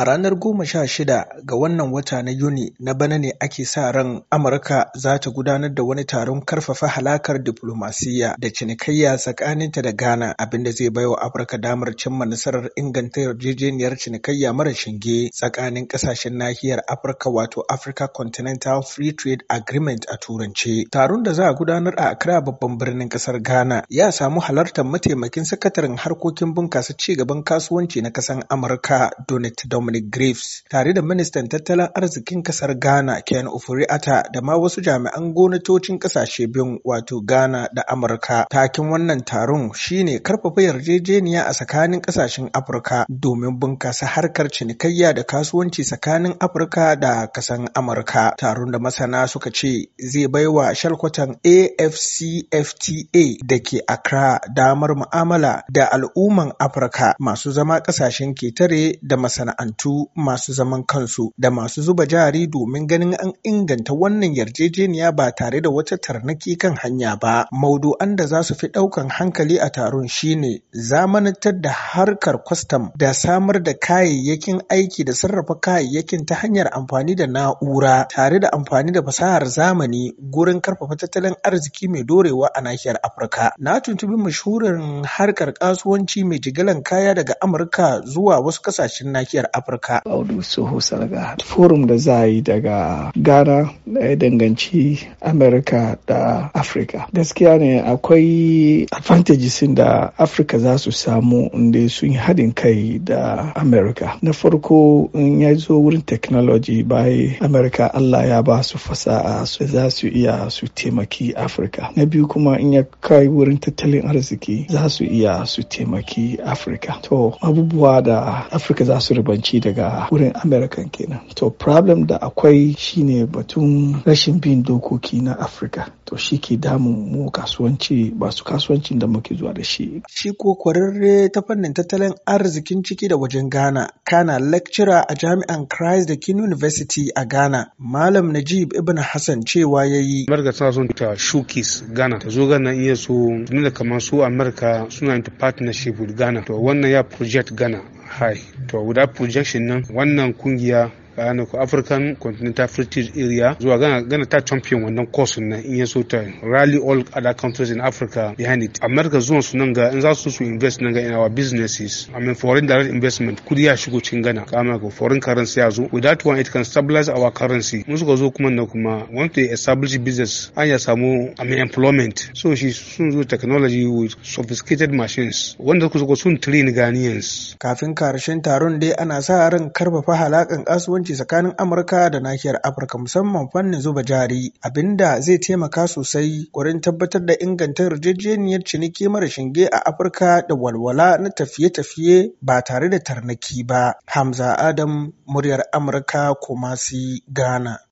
A ranar goma sha shida ga wannan wata na Yuni na bana ne ake sa ran Amurka za ta gudanar da wani taron karfafa halakar diflomasiyya da cinikayya tsakaninta da Ghana abinda zai baiwa Amurka damar cimma nasarar inganta yarjejeniyar cinikayya mara shinge tsakanin kasashen nahiyar Afirka wato Africa Continental Free Trade Agreement a Turanci. Taron da za a gudanar a Accra babban birnin kasar Ghana ya samu halartar mataimakin sakataren harkokin bunkasa ci gaban kasuwanci na kasan Amurka Donald Dominic Graves tare da ministan tattalin arzikin kasar Ghana Ken Ofori-Atta da ma wasu jami'an gwamnatocin kasashe biyun wato Ghana da Amurka. Takin wannan taron shine karfafa yarjejeniya a tsakanin kasashen Afirka domin bunkasa harkar cinikayya da kasuwanci tsakanin Afirka da kasan Amurka. Taron da masana suka ce zai baiwa shalkwatan AFCFTA da ke Accra damar mu'amala da al'umman Afirka masu zama kasashen ketare da masana'antu. makarantu masu zaman kansu da masu zuba jari domin ganin an inganta wannan yarjejeniya ba tare da wata tarnaki kan hanya ba. Maudu'an da za su fi ɗaukan hankali a taron shine zamanantar da harkar kwastam da samar da kayayyakin aiki da sarrafa kayayyakin ta hanyar amfani da na'ura tare da amfani da fasahar zamani gurin karfafa tattalin arziki mai dorewa a nahiyar Afirka. Na tuntubi mashurin harkar kasuwanci mai jigilan kaya daga Amurka zuwa wasu kasashen nahiyar Afirka. afirka audu soho salga forum da za yi daga ghana da ya danganci america da afirka gaskiya ne akwai advantages da afirka za su samu inda sun yi haɗin kai da america na farko in ya zo wurin technology bai america allah ya ba su fasaha su za su iya su taimaki afirka na biyu kuma in ya kai wurin tattalin arziki za su iya su taimaki afirka to abubuwa da afirka za su ribanci daga wurin american kenan to problem da akwai shine batun rashin bin dokoki na afirka to shi ke damun mu kasuwanci masu kasuwanci da muke zuwa da shi shi ko kwararre ta fannin tattalin arzikin ciki da wajen ghana kana lecturer a jami'an christ da king university a ghana malam najib ibn hassan cewa ya yi amurka tana son ta shukis ghana ta zo ghana iya so tuni da kamar su amurka suna into partnership with ghana to wannan ya project ghana high to guda projection nan wannan kungiya tsakanin ku african continental free trade area zuwa gana ta champion wannan course na in ya so ta rally all other countries in africa behind it america zuwa su nan ga in za su su invest nan ga in our businesses i mean foreign direct investment kudi ya shigo cikin gana kama ko foreign currency ya zo without one it can stabilize our currency mun suka zo kuma na kuma want to establish business an ya samu i mean employment so shi sun zo technology with sophisticated machines wanda zo sun train Ghanaians kafin karshen taron dai ana sa ran karfafa halakan kasuwanci zumunci tsakanin Amurka da nahiyar Afirka musamman fannin zuba jari abinda zai taimaka sosai wurin tabbatar da inganta yarjejeniyar ciniki mara shinge a Afirka da walwala na tafiye-tafiye ba tare da tarnaki ba. Hamza Adam muryar Amurka Kumasi Ghana.